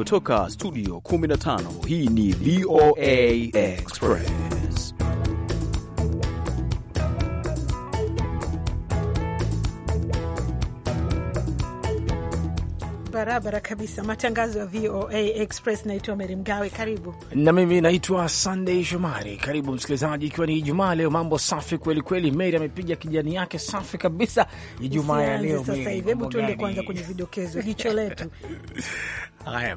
kutoka studio 15 hii ni VOA Express. Barabara kabisa, matangazo ya VOA Express. Naitwa Meri Mgawe, karibu. Na mimi naitwa sandey Shomari, karibu msikilizaji, ikiwa ni Ijumaa leo. Mambo safi kweli kweli. Meri amepiga kijani yake safi kabisa Ijumaa ya leo. Sasa hivi hebu tuende kwanza kwenye vidokezo, jicho letu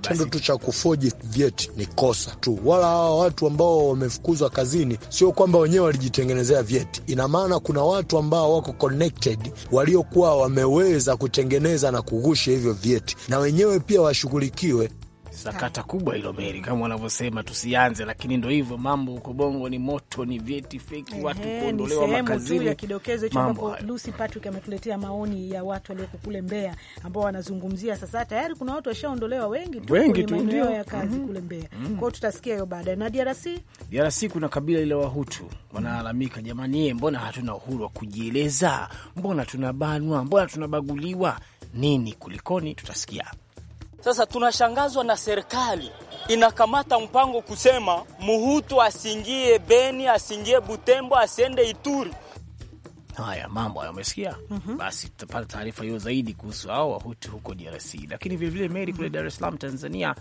Kitendo tu cha kufoji vyeti ni kosa tu, wala hawa watu ambao wamefukuzwa kazini sio kwamba wenyewe walijitengenezea vyeti. Ina maana kuna watu ambao wako connected waliokuwa wameweza kutengeneza na kugusha hivyo vyeti, na wenyewe pia washughulikiwe sakata kubwa hilo Meri, kama wanavyosema tusianze, lakini ndo hivyo mambo huko Bongo ni moto, ni vyeti feki, watu kuondolewa makazini ya kidokezo hicho, ambapo Lucy Patrick ametuletea maoni ya watu walioko kule Mbeya ambao wanazungumzia sasa. Tayari kuna watu washaondolewa wengi tu wengi tu ndio ya kazi mm -hmm. kule Mbeya mm -hmm. kwao, tutasikia hiyo baadaye. Na DRC, DRC kuna kabila ile Wahutu wanalalamika, jamani, mbona hatuna uhuru wa kujieleza? Mbona tunabanwa? Mbona tunabaguliwa? Nini kulikoni? Tutasikia sasa tunashangazwa na serikali inakamata mpango kusema Muhutu asingie Beni, asingie Butembo, asiende Ituri. Haya mambo hayo umesikia? mm -hmm. Basi tutapata taarifa hiyo zaidi kuhusu hao Wahutu huko DRC, lakini vilevile Meri kule Dar es Salaam, Tanzania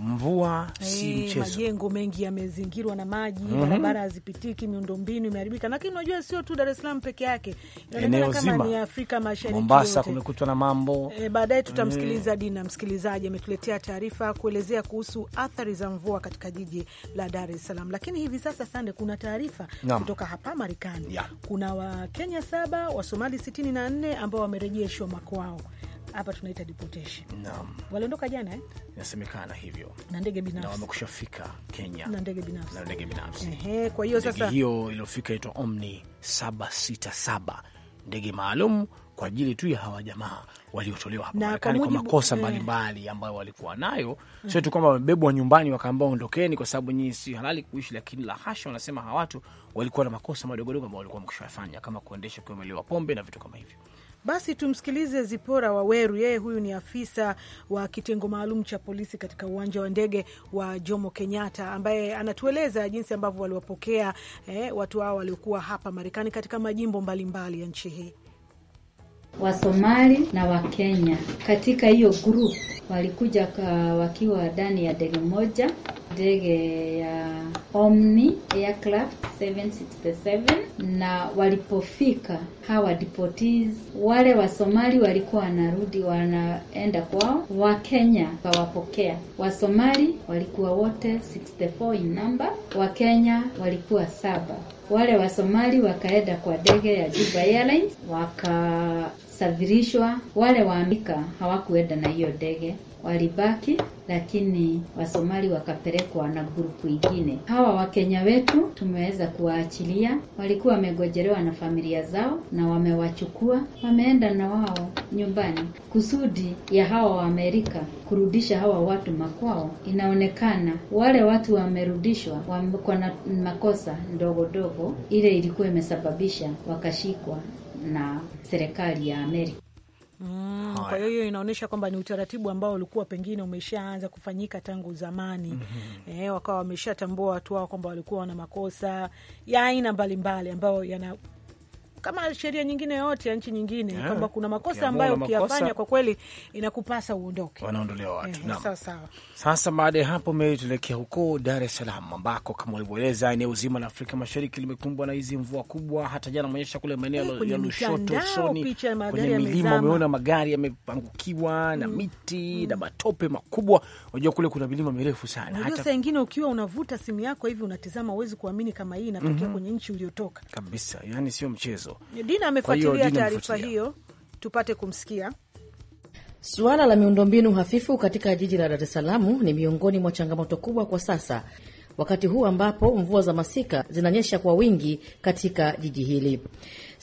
mvua si eh, mchezo. Majengo mengi yamezingirwa na maji, mhm. barabara hazipitiki, miundombinu imeharibika. Lakini unajua sio tu Dar es Salaam peke yake, eneo zima ni Afrika Mashariki, Mombasa kumekutwa na mambo e. Baadaye tutamsikiliza mm. Dina msikilizaji ametuletea taarifa kuelezea kuhusu athari za mvua katika jiji la Dar es Salaam. Lakini hivi sasa Sande, kuna taarifa kutoka hapa Marekani yeah. kuna Wakenya saba Wasomali sitini na nne ambao wamerejeshwa makwao hapa tunaita deportation. Naam, waliondoka jana eh? Inasemekana hivyo, na ndege binafsi, na wamekushafika Kenya na ndege binafsi, na ndege binafsi. Ehe, kwa hiyo sasa, hiyo iliyofika itwa Omni 767 ndege maalum kwa ajili tu ya hawa jamaa waliotolewa hapa Marekani kwa makosa eh. mbalimbali ambayo walikuwa nayo, eh. sio tu kwamba wamebebwa nyumbani wakaambao ondokeni kwa sababu nyinyi si halali kuishi, lakini la hasha, wanasema hawa watu walikuwa na makosa madogodogo ambayo walikuwa mkishafanya kama kuendesha ukiwa umelewa pombe na vitu kama hivyo. Basi tumsikilize Zipora Waweru, yeye huyu ni afisa wa kitengo maalum cha polisi katika uwanja wa ndege wa Jomo Kenyatta, ambaye anatueleza jinsi ambavyo waliwapokea eh, watu hao waliokuwa hapa Marekani katika majimbo mbalimbali mbali ya nchi hii. Wasomali na Wakenya katika hiyo group walikuja wakiwa ndani ya ndege moja, ndege ya Omni Aircraft 767 na walipofika hawa deportees, wale Somali walikuwa wanarudi wanaenda kwao, Wakenya kawapokea. Wasomali walikuwa wote 64 in number, Wakenya walikuwa saba. Wale Somali wakaenda kwa ndege ya Juba Airlines wakasafirishwa, wale wa Amerika hawakuenda na hiyo ndege walibaki, lakini Wasomali wakapelekwa na grupu ingine. Hawa Wakenya wetu tumeweza kuwaachilia, walikuwa wamegojelewa na familia zao, na wamewachukua wameenda na wao nyumbani. Kusudi ya hawa Waamerika kurudisha hawa watu makwao, inaonekana wale watu wamerudishwa wako na makosa ndogo ndogo, ile ilikuwa imesababisha wakashikwa na serikali ya Amerika. Mm, kwa hiyo hiyo inaonyesha kwamba ni utaratibu ambao ulikuwa pengine umeshaanza kufanyika tangu zamani. mm -hmm. E, wakawa wameshatambua watu wao kwamba walikuwa wana makosa ya aina mbalimbali ambayo yana kama sheria nyingine yote ya nchi nyingine yeah, kwamba kuna makosa ambayo ukiyafanya kwa kweli inakupasa uondoke, wanaondolewa watu yeah, sawa sawa. Sasa baada ya hapo mimi tuelekea huko Dar es Salaam ambako kama ulivyoeleza eneo zima la Afrika Mashariki limekumbwa na hizi mvua kubwa, hata jana maonyesha kule maeneo hey, eh, ya Lushoto Soni kwenye milima, umeona magari yamepangukiwa na mm. miti mm, na matope makubwa. Unajua kule kuna milima mirefu sana, hata saa ingine ukiwa unavuta simu yako hivi unatizama, huwezi kuamini kama hii inatokea mm -hmm, kwenye nchi uliotoka kabisa, yani sio mchezo hizo. Dina amefuatilia taarifa hiyo, tupate kumsikia. Suala la miundombinu hafifu katika jiji la Dar es Salaam ni miongoni mwa changamoto kubwa kwa sasa, wakati huu ambapo mvua za masika zinanyesha kwa wingi katika jiji hili.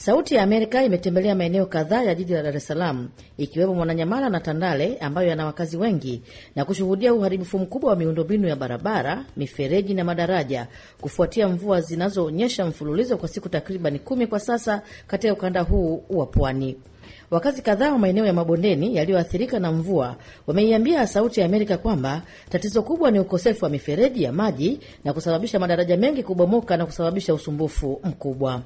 Sauti ya Amerika imetembelea maeneo kadhaa ya jiji la Dar es Salaam ikiwemo Mwananyamala na Tandale ambayo yana wakazi wengi na kushuhudia uharibifu mkubwa wa miundombinu ya barabara, mifereji na madaraja kufuatia mvua zinazoonyesha mfululizo kwa siku takribani kumi kwa sasa katika ukanda huu wa pwani. Wakazi kadhaa wa maeneo ya mabondeni yaliyoathirika na mvua wameiambia Sauti ya Amerika kwamba tatizo kubwa ni ukosefu wa mifereji ya maji na kusababisha madaraja mengi kubomoka na kusababisha usumbufu mkubwa.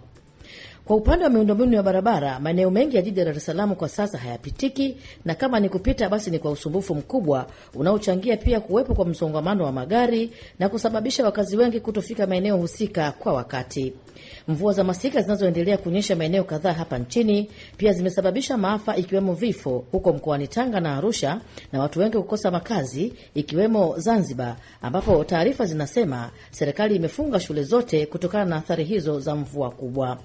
Kwa upande wa miundombinu ya barabara, maeneo mengi ya jiji la Dar es Salaam kwa sasa hayapitiki, na kama ni kupita basi ni kwa usumbufu mkubwa unaochangia pia kuwepo kwa msongamano wa magari na kusababisha wakazi wengi kutofika maeneo husika kwa wakati. Mvua za masika zinazoendelea kunyesha maeneo kadhaa hapa nchini pia zimesababisha maafa ikiwemo vifo huko mkoani Tanga na Arusha, na watu wengi kukosa makazi ikiwemo Zanzibar, ambapo taarifa zinasema serikali imefunga shule zote kutokana na athari hizo za mvua kubwa.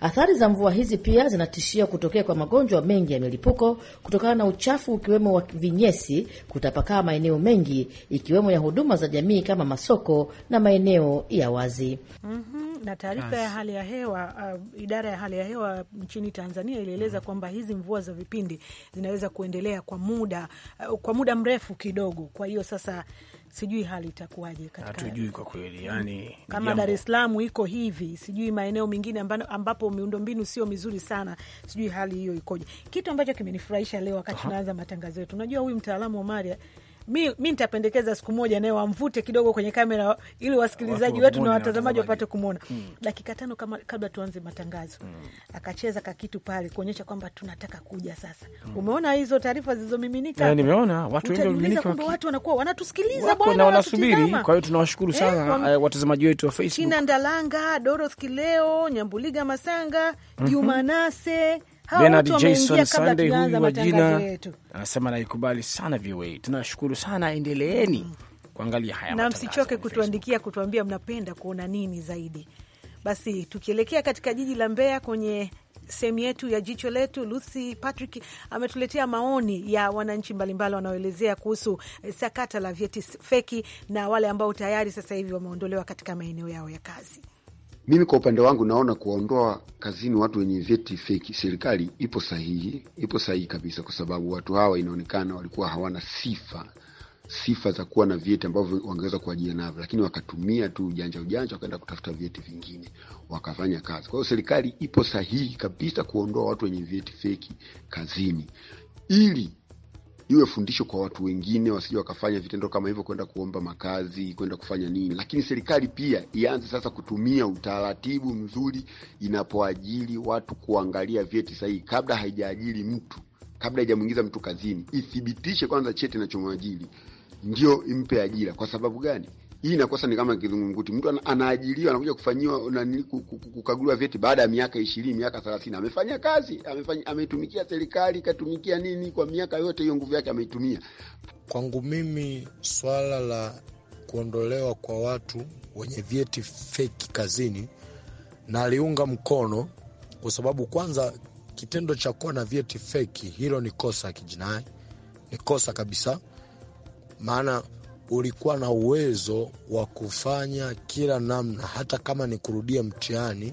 Athari za mvua hizi pia zinatishia kutokea kwa magonjwa mengi ya milipuko kutokana na uchafu ukiwemo wa vinyesi kutapakaa maeneo mengi ikiwemo ya huduma za jamii kama masoko na maeneo ya wazi. mm -hmm. Na taarifa ya hali ya hewa uh, idara ya hali ya hewa nchini Tanzania ilieleza mm. kwamba hizi mvua za vipindi zinaweza kuendelea kwa muda uh, kwa muda mrefu kidogo. Kwa hiyo sasa sijui hali itakuwaje katika, hatujui kwa kweli yani, kama Dar es Salaam iko hivi, sijui maeneo mengine ambapo miundombinu sio mizuri sana, sijui hali hiyo ikoje. Kitu ambacho kimenifurahisha leo wakati tunaanza matangazo yetu, unajua huyu mtaalamu wa Maria mi, mi nitapendekeza siku moja naye wamvute kidogo kwenye kamera ili wasikilizaji wetu na watazamaji wapate kumwona mm. dakika tano kama, kabla tuanze matangazo mm. akacheza kakitu pale kuonyesha kwamba tunataka kuja sasa mm. umeona hizo taarifa zilizomiminika, eh, nimeona watu wengi wamiminika, watu wanakuwa wanatusikiliza bwana, wanasubiri. Kwa hiyo tunawashukuru eh, sana eh, watazamaji wetu wa Facebook, Ndalanga, Dorothy Kileo, Nyambuliga Masanga, mhm. Jumanase mm -hmm. Benard Jason Sunday huyu wa jina anasema naikubali sana VOA. Tunashukuru sana, endeleeni mm. kuangalia haya na msichoke kutuandikia kutuambia mnapenda kuona nini zaidi. Basi tukielekea katika jiji la Mbeya kwenye sehemu yetu ya jicho letu, Lucy Patrick ametuletea maoni ya wananchi mbalimbali wanaoelezea kuhusu eh, sakata la vyeti feki na wale ambao tayari sasa hivi wameondolewa katika maeneo yao ya kazi. Mimi kwa upande wangu naona kuwaondoa kazini watu wenye vyeti feki, serikali ipo sahihi, ipo sahihi kabisa, kwa sababu watu hawa inaonekana walikuwa hawana sifa sifa za kuwa na vyeti ambavyo wangeweza kuajia navyo, lakini wakatumia tu ujanja ujanja, wakaenda kutafuta vyeti vingine wakafanya kazi. Kwa hiyo serikali ipo sahihi kabisa kuondoa watu wenye vyeti feki kazini ili iwe fundisho kwa watu wengine, wasije wakafanya vitendo kama hivyo, kwenda kuomba makazi, kwenda kufanya nini. Lakini serikali pia ianze sasa kutumia utaratibu mzuri inapoajiri watu, kuangalia vyeti sahihi kabla haijaajiri mtu, kabla haijamwingiza mtu kazini, ithibitishe kwanza cheti inachomwajiri ndio impe ajira. Kwa sababu gani? hii inakosa ni kama kizungumkuti. Mtu anaajiriwa anakuja kufanyiwa nani, kukaguliwa vyeti baada ya miaka ishirini, miaka thelathini, amefanya kazi, amefanya, ametumikia serikali, katumikia nini kwa miaka yote hiyo, nguvu yake ameitumia. Kwangu mimi swala la kuondolewa kwa watu wenye vyeti feki kazini naliunga mkono, kwa sababu kwanza, kitendo cha kuwa na vyeti feki hilo ni kosa kijinai, ni kosa kabisa, maana ulikuwa na uwezo wa kufanya kila namna, hata kama ni kurudia mtihani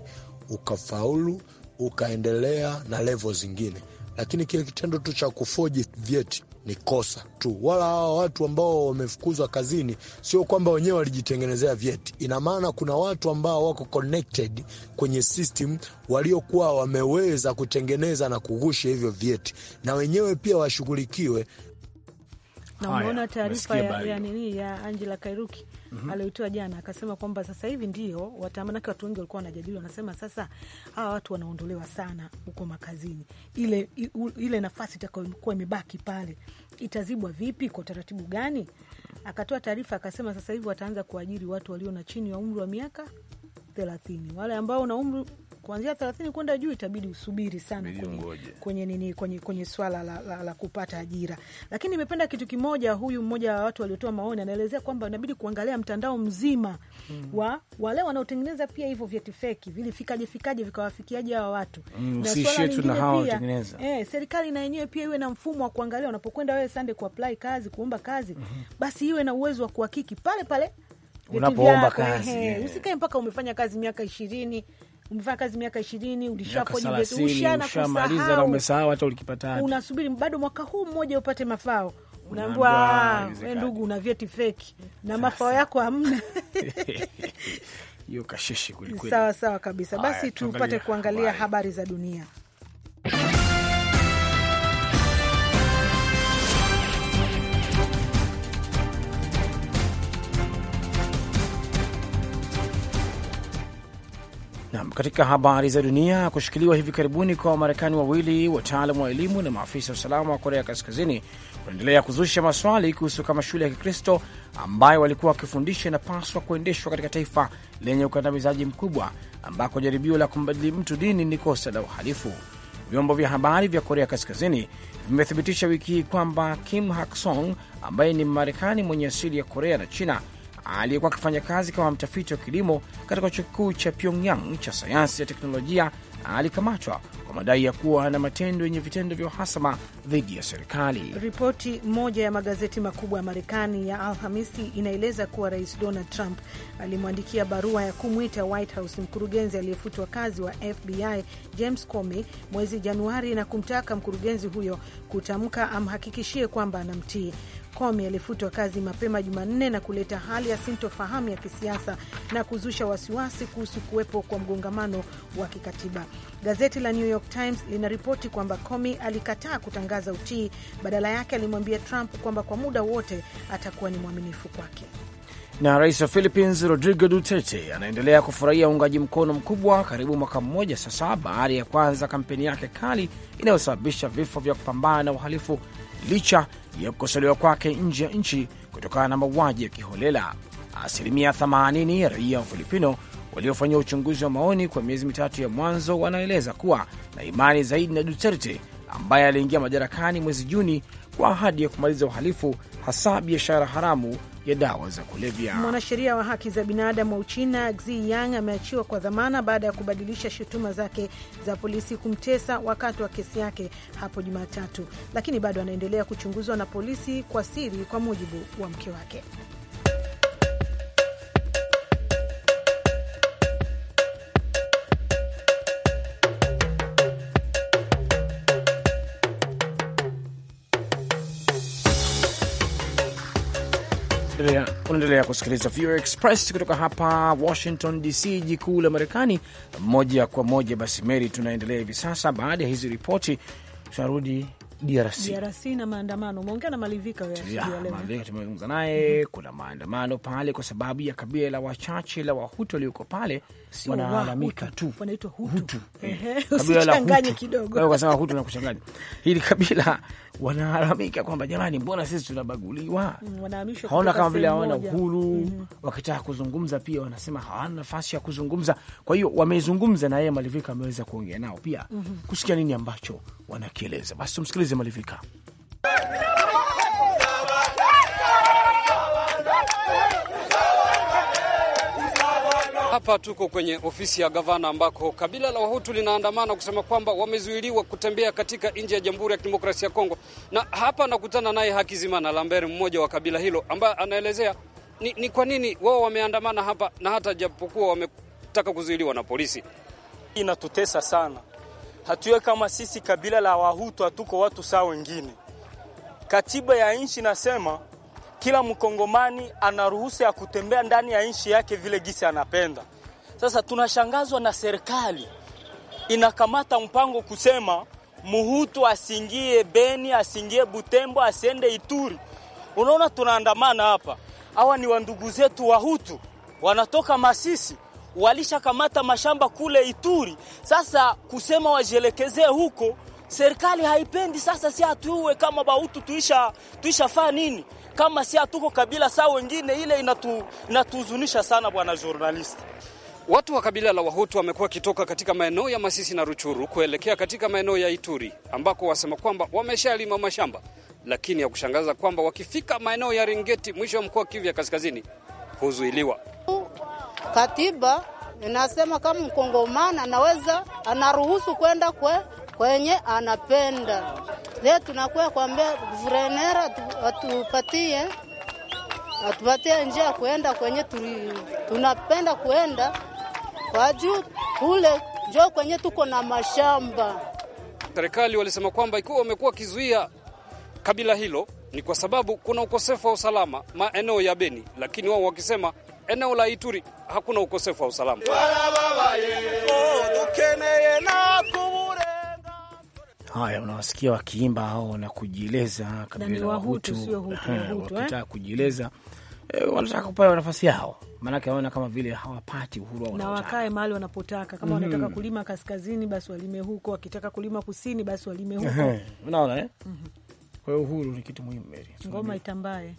ukafaulu, ukaendelea na levo zingine, lakini kile kitendo tu cha kufoji vyeti ni kosa tu. Wala hawa watu ambao wamefukuzwa kazini sio kwamba wenyewe walijitengenezea vyeti. Ina maana kuna watu ambao wako connected kwenye system waliokuwa wameweza kutengeneza na kugusha hivyo vyeti, na wenyewe pia washughulikiwe na umeona taarifa ya, ya nini ya Angela Kairuki mm -hmm. aliyoitoa jana akasema kwamba sasa hivi ndio watamanake, watu wengi walikuwa wanajadili, wanasema sasa hawa watu wanaondolewa sana huko makazini, ile, ile nafasi itakayokuwa imebaki pale itazibwa vipi, kwa utaratibu gani? Akatoa taarifa akasema sasa hivi wataanza kuajiri watu walio na chini ya umri wa miaka thelathini, wale ambao na umri kuanzia thelathini kwenda juu itabidi usubiri sana kwenye, kwenye nini kwenye, kwenye swala la, la, la kupata ajira. Lakini nimependa kitu kimoja, huyu mmoja wa watu waliotoa maoni anaelezea kwamba inabidi kuangalia mtandao mzima mm. wa wale wanaotengeneza pia hivyo vyeti feki vilifikaje fikaje vikawafikiaje hawa watu mm, na si swala lingine pia eh, serikali na yenyewe pia iwe na mfumo wa kuangalia unapokwenda wewe sande kuapply kazi kuomba kazi mm -hmm. basi iwe na uwezo wa kuhakiki pale pale unapoomba kazi, eh, usikae mpaka umefanya kazi miaka ishirini umefanya kazi miaka ishirini, ulishafanya umesahau hata ulikipata, unasubiri bado mwaka huu mmoja upate mafao unaambiwa ah, we ndugu, una vyeti feki na mafao yako hamna. Hiyo kasheshe Sawa sawa kabisa. Basi tupate kuangalia habari za dunia. Katika habari za dunia, kushikiliwa hivi karibuni kwa Wamarekani wawili wataalam wa elimu na maafisa wa usalama wa Korea Kaskazini kunaendelea kuzusha maswali kuhusu kama shule ya Kikristo ambayo walikuwa wakifundisha inapaswa kuendeshwa katika taifa lenye ukandamizaji mkubwa ambako jaribio la kumbadili mtu dini ni kosa la uhalifu. Vyombo vya habari vya Korea Kaskazini vimethibitisha wiki hii kwamba Kim Hak Song ambaye ni marekani mwenye asili ya Korea na China aliyekuwa akifanya kazi kama mtafiti wa kilimo katika chuo kikuu cha Pyongyang cha sayansi ya teknolojia alikamatwa kwa madai ya kuwa na matendo yenye vitendo vya uhasama dhidi ya serikali. Ripoti moja ya magazeti makubwa ya Marekani ya Alhamisi inaeleza kuwa Rais Donald Trump alimwandikia barua ya kumwita White House mkurugenzi aliyefutwa kazi wa FBI James Comey mwezi Januari na kumtaka mkurugenzi huyo kutamka amhakikishie kwamba anamtii. Comey alifutwa kazi mapema Jumanne na kuleta hali ya sintofahamu ya kisiasa na kuzusha wasiwasi kuhusu kuwepo kwa mgongamano wa kikatiba. Gazeti la New York Times linaripoti kwamba Comey alikataa kutangaza utii, badala yake alimwambia Trump kwamba kwa muda wote atakuwa ni mwaminifu kwake. Na rais wa Philippines Rodrigo Duterte anaendelea kufurahia uungaji mkono mkubwa karibu mwaka mmoja sasa, baada ya kuanza kampeni yake kali inayosababisha vifo vya kupambana na uhalifu licha ya kukosolewa kwake nje ya nchi kutokana na mauaji ya kiholela. Asilimia 80 ya raia wa Filipino waliofanyia uchunguzi wa maoni kwa miezi mitatu ya mwanzo wanaeleza kuwa na imani zaidi na Duterte ambaye aliingia madarakani mwezi Juni kwa ahadi ya kumaliza uhalifu, hasa biashara haramu ya dawa za kulevya. Mwanasheria wa haki za binadamu wa Uchina Xi Yang ameachiwa kwa dhamana baada ya kubadilisha shutuma zake za polisi kumtesa wakati wa kesi yake hapo Jumatatu, lakini bado anaendelea kuchunguzwa na polisi kwa siri, kwa mujibu wa mke wake. Unaendelea, kusikiliza VOA Express kutoka hapa Washington DC, jikuu la Marekani, moja kwa moja. Basi Mary, tunaendelea hivi sasa. Baada ya hizi ripoti, tunarudi DRC. DRC na maandamano. Umeongea na Malivika eh? tumezungumza naye Kuna maandamano pale kwa sababu ya kabila la wachache la Wahutu walioko pale wanalalamika tu, wanaitwa Hutu, Hutu. Hutu. Eh. Kabila Hutu na kuchanganya hili kabila wanalalamika kwamba jamani, mbona sisi tunabaguliwa? Mm, Haona kama vile hawana uhuru mm. Wakitaka kuzungumza pia wanasema hawana nafasi ya kuzungumza. Kwa hiyo wamezungumza na yeye Malivika ameweza kuongea nao pia mm -hmm. kusikia nini ambacho wanakieleza. Basi tumsikilize Malivika. Hapa tuko kwenye ofisi ya gavana ambako kabila la Wahutu linaandamana kusema kwamba wamezuiliwa kutembea katika nje ya Jamhuri ya Kidemokrasia ya Kongo, na hapa nakutana naye Hakizimana Lambert, mmoja wa kabila hilo, ambaye anaelezea ni, ni kwa nini wao wameandamana hapa na hata japokuwa wametaka kuzuiliwa na polisi. Inatutesa sana, hatuwe kama sisi kabila la Wahutu hatuko watu saa wengine. Katiba ya nchi nasema kila mkongomani ana ruhusa ya kutembea ndani ya nchi yake vile gisi anapenda. Sasa tunashangazwa na serikali inakamata mpango kusema muhutu asingie Beni, asingie Butembo, asiende Ituri. Unaona, tunaandamana hapa, hawa ni wandugu zetu Wahutu wanatoka Masisi walishakamata mashamba kule Ituri. Sasa kusema wajielekezee huko, serikali haipendi. Sasa si hatuuwe kama Bahutu tuisha tuishafaa nini? kama si hatuko kabila saa wengine, ile inatu, inatuhuzunisha sana bwana journalist. Watu wa kabila la Wahutu wamekuwa wakitoka katika maeneo ya Masisi na Ruchuru kuelekea katika maeneo ya Ituri ambako wasema kwamba wameshalima mashamba, lakini ya kushangaza kwamba wakifika maeneo ya Ringeti, mwisho wa mkoa wa Kivu ya Kaskazini, huzuiliwa. Katiba inasema kama mkongomana anaweza anaruhusu kwenda kwe kwenye anapenda e tunakuwa kwambia guvernera atupatie atupatie njia ya kuenda kwenye tunapenda kuenda kwa juu kule njo kwenye tuko na mashamba. Serikali walisema kwamba ikiwa wamekuwa wakizuia kabila hilo ni kwa sababu kuna ukosefu wa usalama maeneo ya Beni, lakini wao wakisema eneo la Ituri hakuna ukosefu wa usalama. Oh, Haya, unawasikia wakiimba ao na kujieleza kabila yaani Wahutu eh? wakitaka kujieleza eh, wanataka kupaa nafasi yao, maanake aona kama vile hawapati uhuru wao, na wakae mahali wanapotaka. Kama mm -hmm. wanataka mhm. kulima kaskazini, basi walime huko, wakitaka kulima kusini, basi walime huko. Unaona eh? Mhm. Kwa hiyo uhuru ni kitu muhimu. Ngoma itambae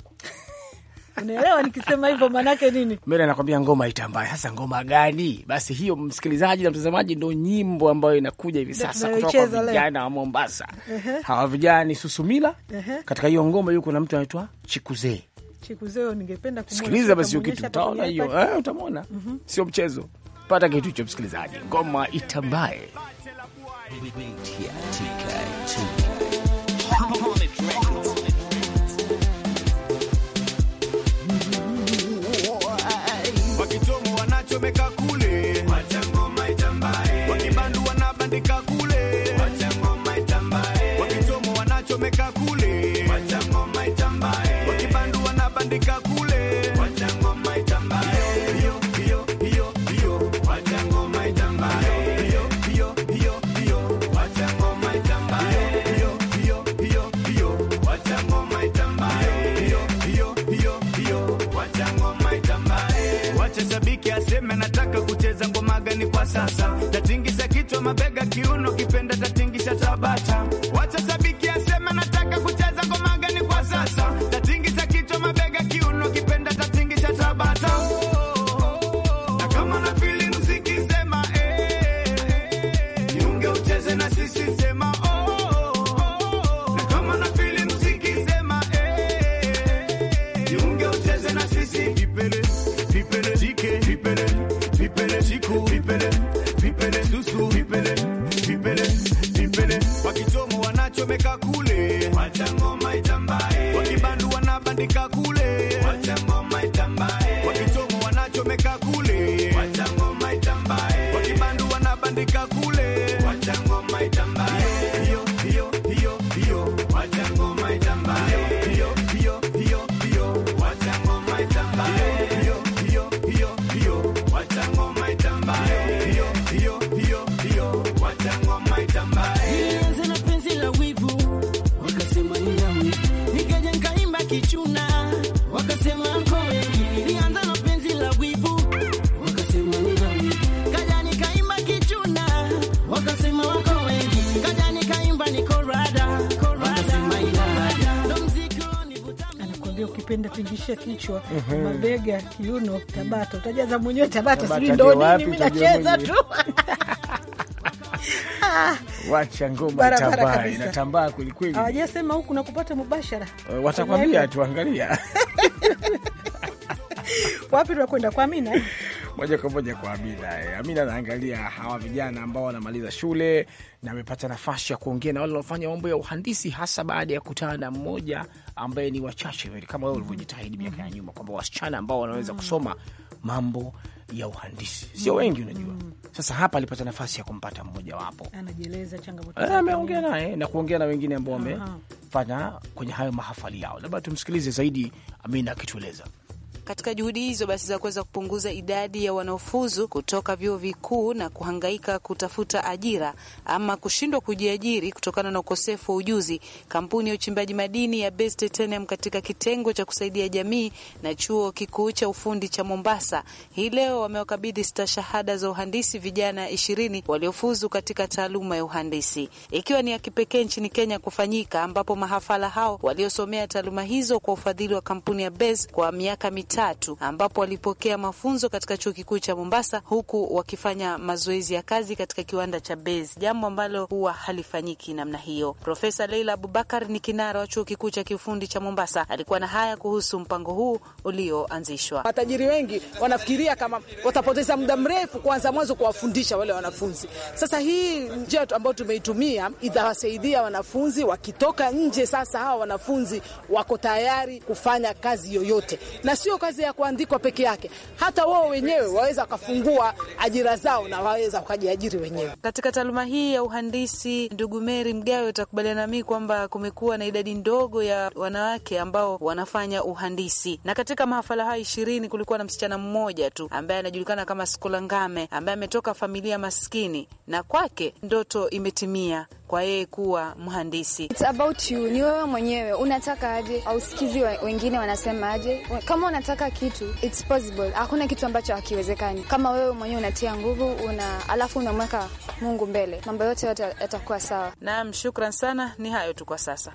Unaelewa nikisema hivyo maanake nini? Mimi anakwambia ngoma itambaye. Sasa ngoma gani? Basi hiyo, msikilizaji na mtazamaji, ndo nyimbo ambayo inakuja hivi sasa kutoka kwa vijana wa Mombasa. uh -huh. Hawa vijana ni Susumila. uh -huh. Katika hiyo ngoma yuko na mtu anaitwa Chikuzee. Chikuzee ningependa kumwona. Sikiliza basi kitu utaona hiyo. Eh, utamwona. uh mm-hmm. -huh. Sio mchezo. Pata kitu hicho msikilizaji, ngoma itambaye. wanabebeka kule, wakibandua wanabandika kule, wakichomo wanachomeka kule vipele vipele susu vipele vipele vipele wakichomo wanachomeka kula nyeupe ndatingishia kichwa, mhm. mabega, kiuno, tabata. Utajaza mwenyewe tabata, sijui ndo nini, mi nacheza tu Wacha ngoma itambaa, inatambaa kwelikweli. Hawajasema huku na kupata mubashara, eh, watakwambia tuangalia wapi tunakwenda kwa mina moja kwa moja kwa Amina. Eh, Amina anaangalia hawa vijana ambao wanamaliza shule na amepata nafasi ya kuongea na wale wanaofanya mambo ya uhandisi, hasa baada ya kutana na mmoja ambaye ni wachache kama wewe ulivyojitahidi miaka ya nyuma, kwamba wasichana ambao wanaweza mm. kusoma mambo ya uhandisi sio mm. wengi, unajua. Mm. Sasa hapa alipata nafasi ya kumpata mmoja wapo, anajieleza changamoto, eh, zake, ameongea naye na kuongea na wengine ambao wamefanya kwenye hayo mahafali yao. Labda tumsikilize zaidi Amina akitueleza. Katika juhudi hizo basi za kuweza kupunguza idadi ya wanaofuzu kutoka vyuo vikuu na kuhangaika kutafuta ajira ama kushindwa kujiajiri kutokana na ukosefu wa ujuzi, kampuni ya uchimbaji madini ya Best Titanium katika kitengo cha kusaidia jamii na chuo kikuu cha ufundi cha Mombasa hii leo wamewakabidhi stashahada za uhandisi vijana ishirini waliofuzu katika taaluma ya uhandisi, ikiwa ni ya kipekee nchini Kenya kufanyika, ambapo mahafala hao waliosomea taaluma hizo kwa ufadhili wa kampuni ya Best kwa miaka mitatu tatu ambapo walipokea mafunzo katika chuo kikuu cha Mombasa, huku wakifanya mazoezi ya kazi katika kiwanda cha Base, jambo ambalo huwa halifanyiki namna hiyo. Profesa Leila Abubakar ni kinara wa chuo kikuu cha kiufundi cha Mombasa, alikuwa na haya kuhusu mpango huu ulioanzishwa. Matajiri wengi wanafikiria kama watapoteza muda mrefu kuanza mwanzo kuwafundisha wale wanafunzi. Sasa hii njia ambayo tumeitumia itawasaidia wanafunzi, wakitoka nje sasa hawa wanafunzi wako tayari kufanya kazi yoyote na sio kazi ya kuandikwa peke yake, hata wao wenyewe waweza wakafungua ajira zao na waweza wakajiajiri wenyewe katika taaluma hii ya uhandisi. Ndugu Meri Mgawe, utakubaliana nami kwamba kumekuwa na idadi ndogo ya wanawake ambao wanafanya uhandisi, na katika mahafala hayo ishirini kulikuwa na msichana mmoja tu ambaye anajulikana kama Skola Ngame ambaye ametoka familia maskini na kwake ndoto imetimia kwa yeye kuwa mhandisi. It's about you, ni wewe mwenyewe unataka aje, ausikizi wengine wanasema aje, kama unataka ukitaka kitu it's possible. Hakuna kitu ambacho hakiwezekani. Kama wewe mwenyewe unatia nguvu una alafu unamweka Mungu mbele, mambo yote yote yatakuwa sawa. Naam, shukran sana. Ni hayo tu kwa sasa.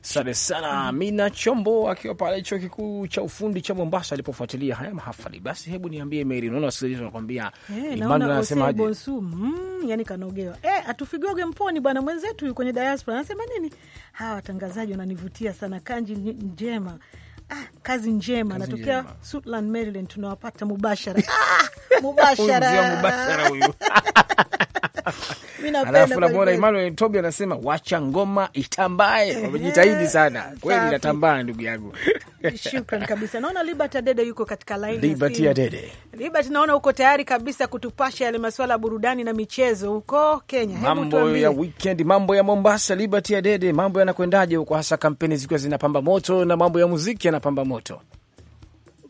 Sante sana Amina Chombo akiwa pale chuo kikuu cha ufundi cha Mombasa alipofuatilia haya mahafali. Basi hebu niambie Meri, unaona wasikilizaji wanakwambia eh, Imani anasemaje? Mm, yani kanogewa e, atufigoge mponi bwana mwenzetu kwenye diaspora anasema nini? Hawa watangazaji wananivutia sana, kanji njema Ah, kazi njema, natokea Suitland, Maryland, tunawapata mubashara ah, mubashara mubashara huyu alafu namwona Emmanuel Tobi anasema wacha ngoma itambae. Wamejitahidi sana kweli, natambaa ndugu yangu Shukran kabisa. Naona Libert Adede yuko katika laini. Libert Adede, Libert, naona uko tayari kabisa kutupasha yale masuala ya burudani na michezo huko Kenya, mambo ya weekend, mambo ya Mombasa. Libert Adede, mambo yanakwendaje huko, hasa kampeni zikiwa zinapamba moto na mambo ya muziki yanapamba moto?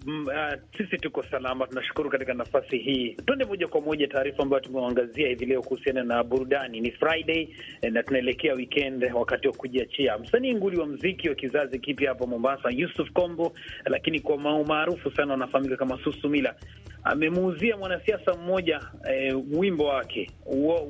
Mm, uh, sisi tuko salama, tunashukuru katika nafasi hii. Tuende moja kwa moja taarifa ambayo tumeangazia hivi leo kuhusiana na burudani. Ni Friday eh, na tunaelekea weekend, wakati wa kujiachia. Msanii nguli wa mziki wa kizazi kipya hapa Mombasa, Yusuf Kombo, lakini kwa maumaarufu sana wanafahamika kama Susumila, amemuuzia mwanasiasa mmoja eh, wimbo wake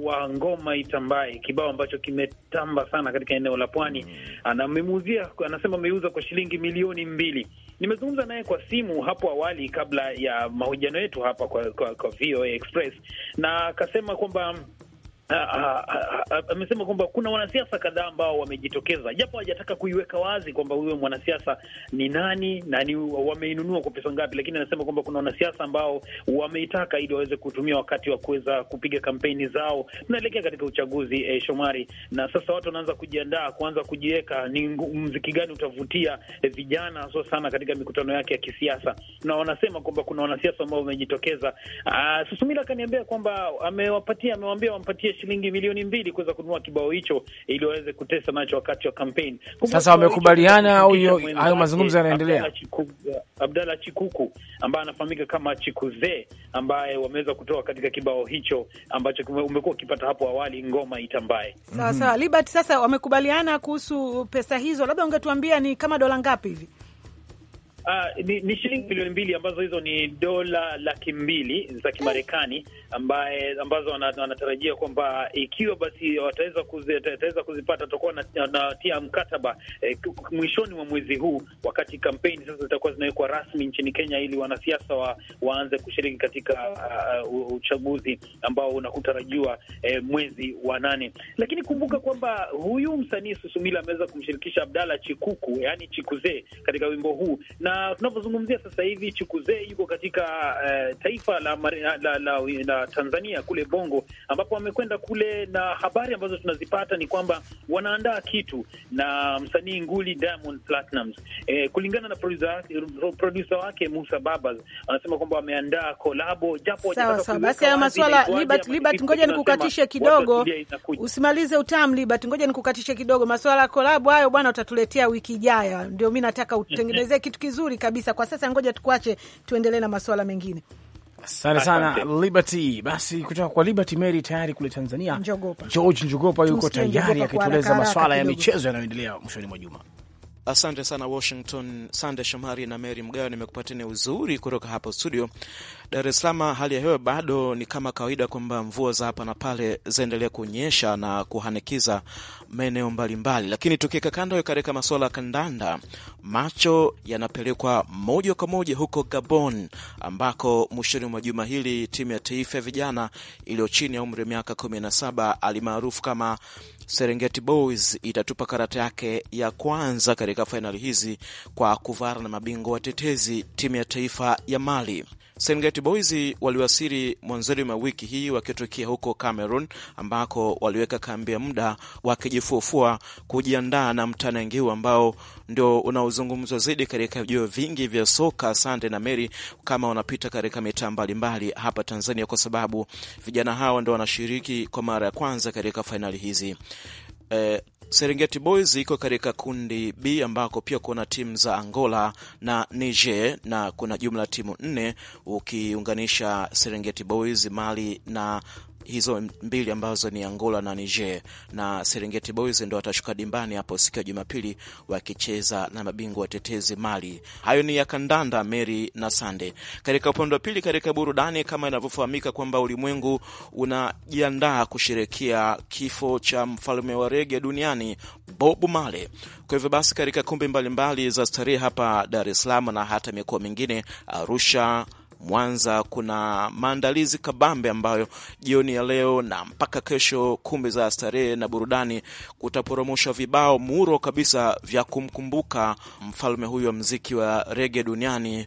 wa ngoma itambaye, kibao ambacho kimetamba sana katika eneo la pwani. Mm. Anamemuuzia, anasema ameuza kwa shilingi milioni mbili. Nimezungumza naye kwa simu hapo awali kabla ya mahojiano yetu hapa kwa, kwa, kwa VOA Express na akasema kwamba Ah, ah, ah, amesema kwamba kuna wanasiasa kadhaa ambao wamejitokeza, japo hajataka kuiweka wazi kwamba huyo mwanasiasa ni nani na ni wameinunua kwa pesa ngapi, lakini anasema kwamba kuna wanasiasa ambao wameitaka ili waweze kutumia wakati wa kuweza kupiga kampeni zao. Tunaelekea katika uchaguzi eh, Shomari, na sasa watu wanaanza kujiandaa, kuanza kujiweka ni mziki gani utavutia eh, vijana haswa sana katika mikutano yake ya kisiasa, na wanasema kwamba kuna wanasiasa ambao wamejitokeza. Ah, Susumila akaniambia kwamba amewapatia, amewambia wampatie shilingi milioni mbili kuweza kununua kibao hicho ili waweze kutesa nacho wakati wa kampeni. Sasa wamekubaliana au hayo mazungumzo yanaendelea? Abdalla Chikuku ambaye anafahamika kama Chikuze ambaye wameweza kutoa katika kibao hicho ambacho umekuwa ukipata hapo awali, ngoma itambae. Sawa sawa, mhm. Libert. Sasa wamekubaliana kuhusu pesa hizo, labda ungetuambia ni kama dola ngapi hivi? Uh, ni, ni shilingi bilioni mbili ambazo hizo ni dola laki mbili za Kimarekani ambaye ambazo wanatarajia kwamba ikiwa basi wataweza kuzi, kuzipata watakuwa wanatia mkataba eh, mwishoni mwa mwezi huu, wakati kampeni sasa zitakuwa zinawekwa rasmi nchini Kenya ili wanasiasa wa, waanze kushiriki katika uh, uchaguzi ambao unakutarajiwa eh, mwezi wa nane. Lakini kumbuka kwamba huyu msanii Susumila ameweza kumshirikisha Abdalla Chikuku, yani Chikuzee katika wimbo huu na na tunavyozungumzia sasa hivi Chukuzee yuko katika uh, taifa la, la, la, la, la Tanzania kule Bongo, ambapo amekwenda kule, na habari ambazo tunazipata ni kwamba wanaandaa kitu na msanii nguli Diamond Platnumz. Eh, kulingana na produsa wake Musa Babas anasema kwamba wameandaa kolabo, japo basi haya maswala Libat, Libat, ngoja nikukatishe kidogo, usimalize utam Libat, ngoja nikukatishe kidogo. Maswala ya kolabo hayo bwana utatuletea wiki ijayo, ndio mi nataka utengenezee kitu kizuri vizuri kabisa. Kwa sasa, ngoja tukuache, tuendelee na masuala mengine. Asante sana Liberty. Basi kutoka kwa Liberty Mary tayari kule Tanzania, Njogopa. George Njogopa yuko tayari akitueleza maswala ya michezo yanayoendelea mwishoni mwa juma. Asante sana Washington, Sande Shomari na Mary Mgawe, nimekupatia uzuri kutoka hapa studio. Dar es Salaam hali ya hewa bado ni kama kawaida kwamba mvua za hapa na pale zaendelea kunyesha na kuhanikiza maeneo mbalimbali, lakini tukiweka kando katika masuala ya kandanda, macho yanapelekwa moja kwa moja huko Gabon, ambako mwishoni mwa juma hili timu ya taifa ya vijana iliyo chini ya umri wa miaka saba alimaarufu kama Serengeti Boys itatupa karata yake ya kwanza katika fainali hizi kwa kuvara na mabingwa watetezi timu ya taifa ya Mali. Serengeti Boys waliwasili mwanzoni mwa wiki hii wakitokea huko Cameroon ambako waliweka kambi ya muda wakijifuafua kujiandaa na mtanangi huu ambao ndio unaozungumzwa zaidi katika vijuo vingi vya soka Sande na Meri, kama wanapita katika mitaa mbalimbali hapa Tanzania, kwa sababu vijana hawa ndio wanashiriki kwa mara ya kwanza katika fainali hizi. E, Serengeti Boys iko katika kundi B ambako pia kuna timu za Angola na Niger na kuna jumla timu nne ukiunganisha Serengeti Boys, Mali na hizo mbili ambazo ni Angola na Niger, na Serengeti Boys ndo watashuka dimbani hapo siku ya Jumapili wakicheza na mabingwa watetezi Mali. Hayo ni ya kandanda, Meri na Sande. Katika upande wa pili, katika burudani, kama inavyofahamika kwamba ulimwengu unajiandaa kusherekea kifo cha mfalme wa rege duniani Bob Marley. Kwa hivyo basi, katika kumbi mbalimbali za starehe hapa Dar es Salaam na hata mikoa mingine Arusha Mwanza kuna maandalizi kabambe ambayo jioni ya leo na mpaka kesho, kumbi za starehe na burudani kutaporomosha vibao muro kabisa vya kumkumbuka mfalme huyu wa mziki wa rege duniani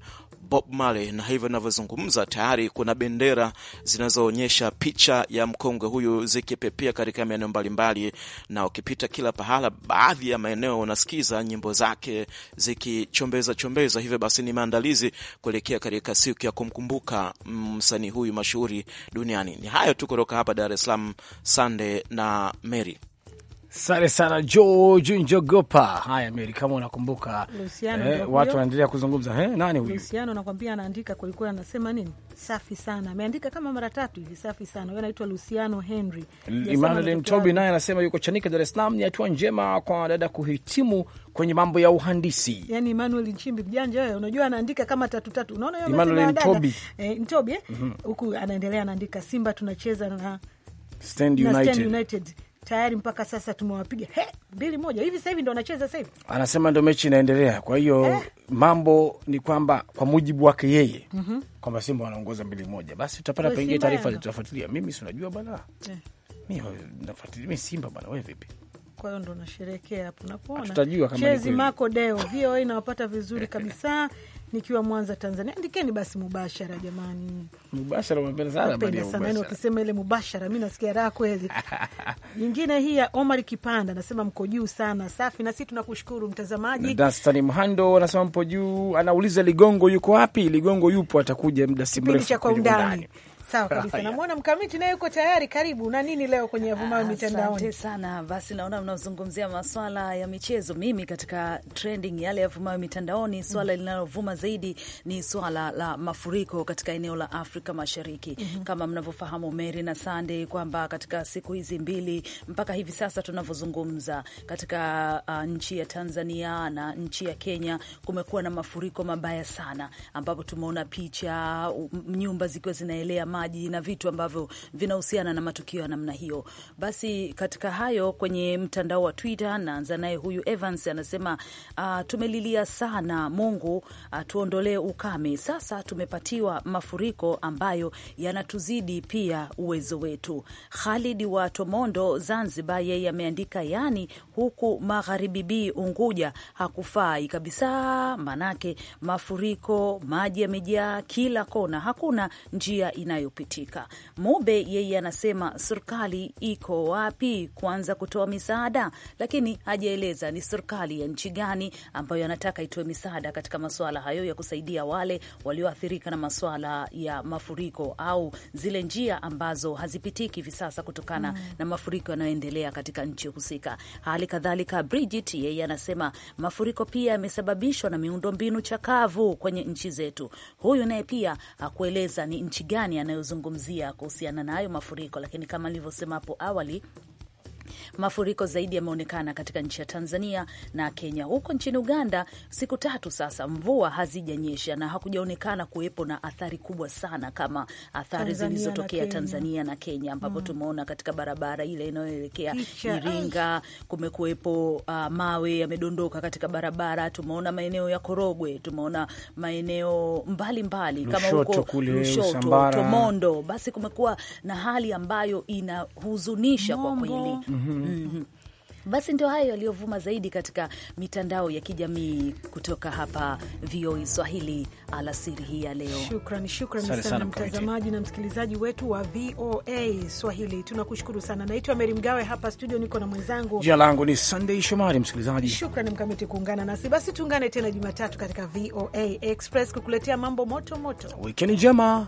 Bob Marley, na hivyo ninavyozungumza tayari kuna bendera zinazoonyesha picha ya mkongwe huyu zikipepea katika maeneo mbalimbali, na ukipita kila pahala, baadhi ya maeneo unasikiza nyimbo zake zikichombeza chombeza. Hivyo basi ni maandalizi kuelekea katika siku ya kumkumbuka msanii huyu mashuhuri duniani. Ni hayo tu kutoka hapa Dar es Salaam, Sande na Mary. Sare sana George Njogopa. Haya Meri, kama unakumbuka eh, watu wanaendelea kuzungumza eh, nani huyu Luciano? Nakwambia anaandika kwelikweli, anasema nini? Safi sana, ameandika kama mara tatu hivi. Safi sana, huyo anaitwa Luciano Henry. Emmanuel Mtobi naye anasema yuko Chanika, Dar es Salaam, ni hatua njema kwa dada kuhitimu kwenye mambo ya uhandisi. Yani Emmanuel Nchimbi mjanja wewe, unajua anaandika kama tatu tatu, unaona yeye. Emmanuel Mtobi eh, Mtobi eh? mhm. huku eh? mm -hmm. anaendelea anaandika Simba tunacheza na Stand United. Na Stand United tayari mpaka sasa tumewapiga mbili moja hivi sahivi ndo anacheza sahivi anasema ndo mechi inaendelea. Kwa hiyo eh, mambo ni kwamba kwa mujibu wake yeye mm -hmm. kwamba Simba wanaongoza mbili moja, basi tutapata pengine taarifa, tutafuatilia. Mimi sinajua bana eh, mi nafuatilia mi Simba bana, we vipi? Kwa hiyo ndo nasherekea hapo, chezi mako deo VOA inawapata vizuri kabisa nikiwa Mwanza, Tanzania. Andikeni basi mubashara, jamani, mubashara umependa sana sana yani, wakisema ile mubashara mi nasikia raha kweli. Nyingine hii ya Omar Kipanda anasema mko juu sana, safi. Na sisi tunakushukuru mtazamaji. Dastani Mhando anasema mpo juu, anauliza Ligongo yuko wapi? Ligongo yupo, atakuja muda si mrefu. cha kwa undani Sawa kabisa, namwona Mkamiti naye yuko tayari. Karibu na nini leo kwenye yavumayo ah, mitandaoni? Asante sana. Basi naona mnazungumzia maswala ya michezo. Mimi katika trending yale yavumayo mitandaoni, swala mm -hmm. linalovuma zaidi ni swala la mafuriko katika eneo la Afrika Mashariki mm -hmm. kama mnavyofahamu Mary na Sande kwamba katika siku hizi mbili mpaka hivi sasa tunavyozungumza, katika uh, nchi ya Tanzania na nchi ya Kenya kumekuwa na mafuriko mabaya sana, ambapo tumeona picha nyumba zikiwa zinaelea maji na vitu ambavyo vinahusiana na matukio ya namna hiyo. Basi katika hayo, kwenye mtandao wa Twitter, naanza naye huyu Evans anasema uh, tumelilia sana Mungu uh, tuondolee ukame. Sasa tumepatiwa mafuriko ambayo yanatuzidi pia uwezo wetu. Khalid wa Tomondo, Zanzibar, yeye ameandika yani, huku magharibi B Unguja hakufai kabisa, manake mafuriko, maji yamejaa kila kona, hakuna njia inayo inayopitika. Mube yeye anasema serikali iko wapi kuanza kutoa misaada, lakini hajaeleza ni serikali ya nchi gani ambayo anataka itoe misaada katika masuala hayo ya kusaidia wale walioathirika na masuala ya mafuriko au zile njia ambazo hazipitiki hivi sasa kutokana mm, na mafuriko yanayoendelea katika nchi husika. Hali kadhalika Bridget yeye anasema mafuriko pia yamesababishwa na miundombinu chakavu kwenye nchi zetu. Huyu naye pia hakueleza ni nchi gani anayo yanayozungumzia kuhusiana na hayo mafuriko, lakini kama nilivyosema hapo awali, Mafuriko zaidi yameonekana katika nchi ya Tanzania na Kenya. Huko nchini Uganda, siku tatu sasa mvua hazijanyesha na hakujaonekana kuwepo na athari kubwa sana kama athari zilizotokea Tanzania na Kenya, ambapo mm, tumeona katika barabara ile inayoelekea Iringa ah. kumekuwepo uh, mawe yamedondoka katika barabara. Tumeona maeneo ya Korogwe, tumeona maeneo mbalimbali kama huko Lushoto, Tomondo, basi kumekuwa na hali ambayo inahuzunisha kwa kweli. Mm-hmm. Basi ndio hayo yaliyovuma zaidi katika mitandao ya kijamii kutoka hapa VOA e Swahili alasiri hii ya leo. Shukrani, shukrani sana, sana mtazamaji na msikilizaji wetu wa VOA e Swahili, tunakushukuru sana. Naitwa Meri Mgawe, hapa studio niko na mwenzangu, jina langu ni sandei Shomari. Msikilizaji, shukrani Mkamiti kuungana nasi. Basi tuungane tena Jumatatu katika VOA e Express kukuletea mambo moto moto. Wikendi njema.